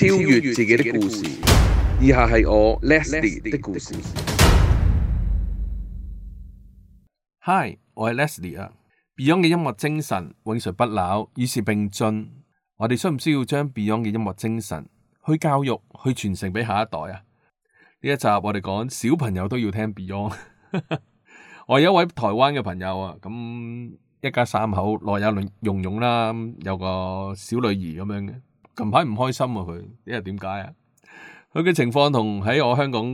超越自己的故事，以下係我 Leslie 的故事。Hi，我係 Leslie 啊。Beyond 嘅音樂精神永垂不朽，與時並進。我哋需唔需要將 Beyond 嘅音樂精神去教育、去傳承俾下一代啊？呢一集我哋講小朋友都要聽 Beyond。 我有一位台灣嘅朋友啊，咁一家三口，內有容容啦，有個小女兒咁樣嘅。近排唔開心啊！佢，因為點解啊？佢嘅情況同喺我香港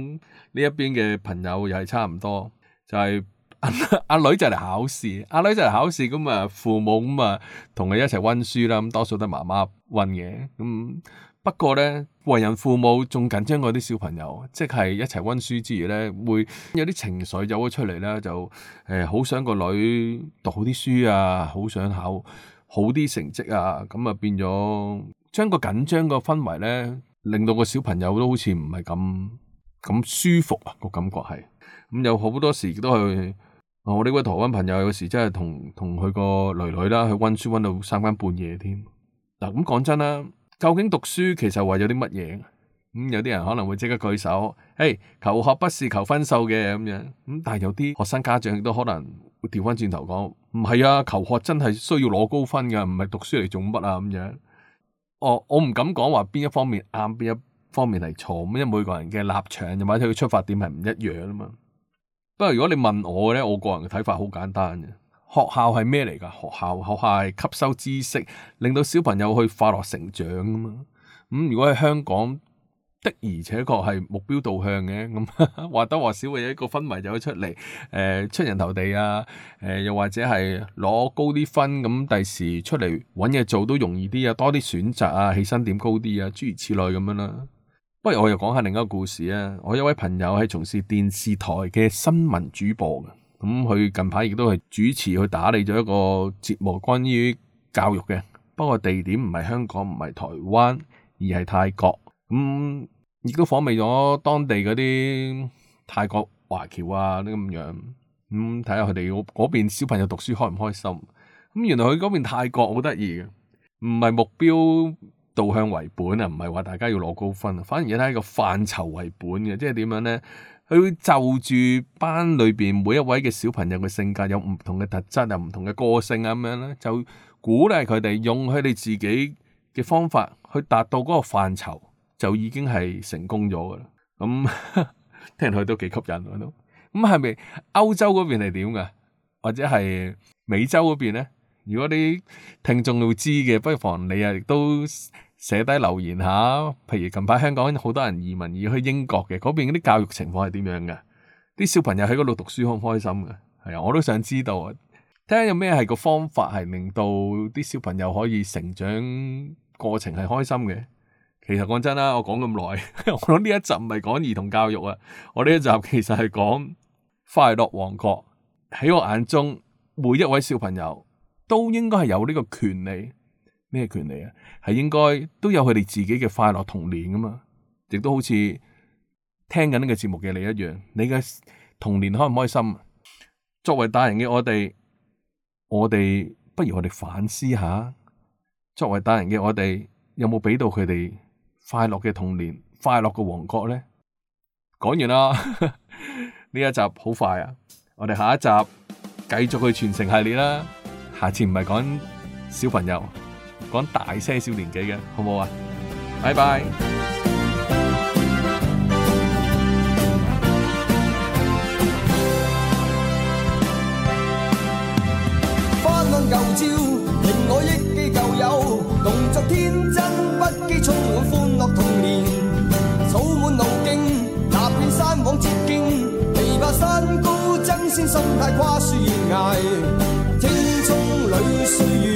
呢一邊嘅朋友又係差唔多，就係、是、阿、啊啊、女就嚟考試，阿、啊、女就嚟考試咁啊，父母咁啊同佢一齊温書啦，咁多數都係媽媽温嘅。咁不過咧，為人父母仲緊張過啲小朋友，即係一齊温書之餘咧，會有啲情緒有咗出嚟啦，就誒好、呃、想個女讀好啲書啊，好想考。好啲成績啊，咁啊變咗將個緊張個氛圍咧，令到個小朋友都好似唔係咁咁舒服，啊個感覺係。咁有好多時都係我呢位台灣朋友有時真係同同佢個女女啦去温書温到三更半夜添。嗱咁講真啦，究竟讀書其實為咗啲乜嘢？咁有啲人可能會即刻舉手，誒求學不是求分數嘅咁樣。咁但係有啲學生家長亦都可能。會調返轉頭講，唔係啊，求學真係需要攞高分噶，唔係讀書嚟做乜啊咁樣。哦、我我唔敢講話邊一方面啱，邊一方面係錯，因為每個人嘅立場或者佢出發點係唔一樣啊嘛。不過如果你問我咧，我個人嘅睇法好簡單嘅，學校係咩嚟噶？學校，學校係吸收知識，令到小朋友去快樂成長啊嘛。咁、嗯、如果喺香港。的而且確係目標導向嘅，咁或多或少嘅一個氛圍就出嚟，誒、呃、出人頭地啊，誒、呃、又或者係攞高啲分，咁、嗯、第時出嚟揾嘢做都容易啲啊，多啲選擇啊，起薪點高啲啊，諸如此類咁樣啦。不如我又講下另一個故事啊，我一位朋友係從事電視台嘅新聞主播嘅，咁、嗯、佢近排亦都係主持去打理咗一個節目關於教育嘅，不過地點唔係香港，唔係台灣，而係泰國咁。嗯亦都訪問咗當地嗰啲泰國華僑啊，啲咁樣，咁睇下佢哋嗰邊小朋友讀書開唔開心？咁、嗯、原來佢嗰邊泰國好得意嘅，唔係目標導向為本啊，唔係話大家要攞高分啊，反而而家係一個範疇為本嘅，即係點樣咧？佢會就住班裏邊每一位嘅小朋友嘅性格有唔同嘅特質啊，唔同嘅個性啊咁樣咧，就鼓勵佢哋用佢哋自己嘅方法去達到嗰個範疇。就已經係成功咗㗎啦！咁聽落去都幾吸引喎都。咁係咪歐洲嗰邊係點㗎？或者係美洲嗰邊咧？如果你聽眾會知嘅，不妨你啊亦都寫低留言下。譬如近排香港好多人移民要去英國嘅，嗰邊啲教育情況係點樣㗎？啲小朋友喺嗰度讀書開唔開心㗎？係啊，我都想知道啊！睇下有咩係個方法係令到啲小朋友可以成長過程係開心嘅。其實講真啦，我講咁耐，我諗呢一集唔係講兒童教育啊，我呢一集其實係講快樂王國。喺我眼中，每一位小朋友都應該係有呢個權利，咩、這個、權利啊？係應該都有佢哋自己嘅快樂童年噶嘛？亦都好似聽緊呢個節目嘅你一樣，你嘅童年開唔開心？作為大人嘅我哋，我哋不如我哋反思下，作為大人嘅我哋，有冇畀到佢哋？快樂嘅童年，快樂嘅王國咧，講完啦。呢一集好快啊！我哋下一集繼續去傳承系列啦。下次唔係講小朋友，講大些少年紀嘅，好唔好啊？拜拜。翻看舊照，令我憶記舊友，動作天真。充滿歡樂童年，草滿路徑，踏遍山往捷徑，未怕山高爭先，心態跨越懸崖，青蔥裏歲月。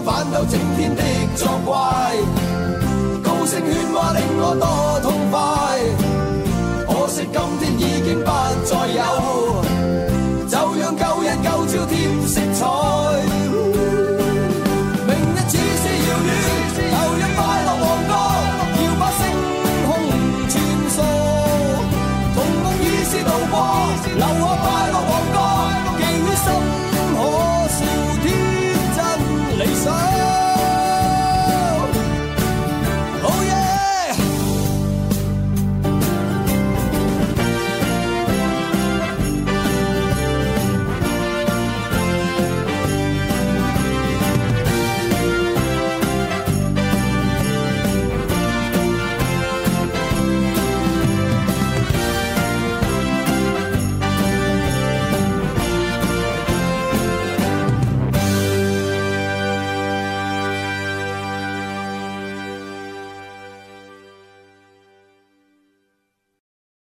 反斗整天的作怪，高聲喧嘩令我多痛快。可惜今天已經不再有，就讓舊日舊照添色。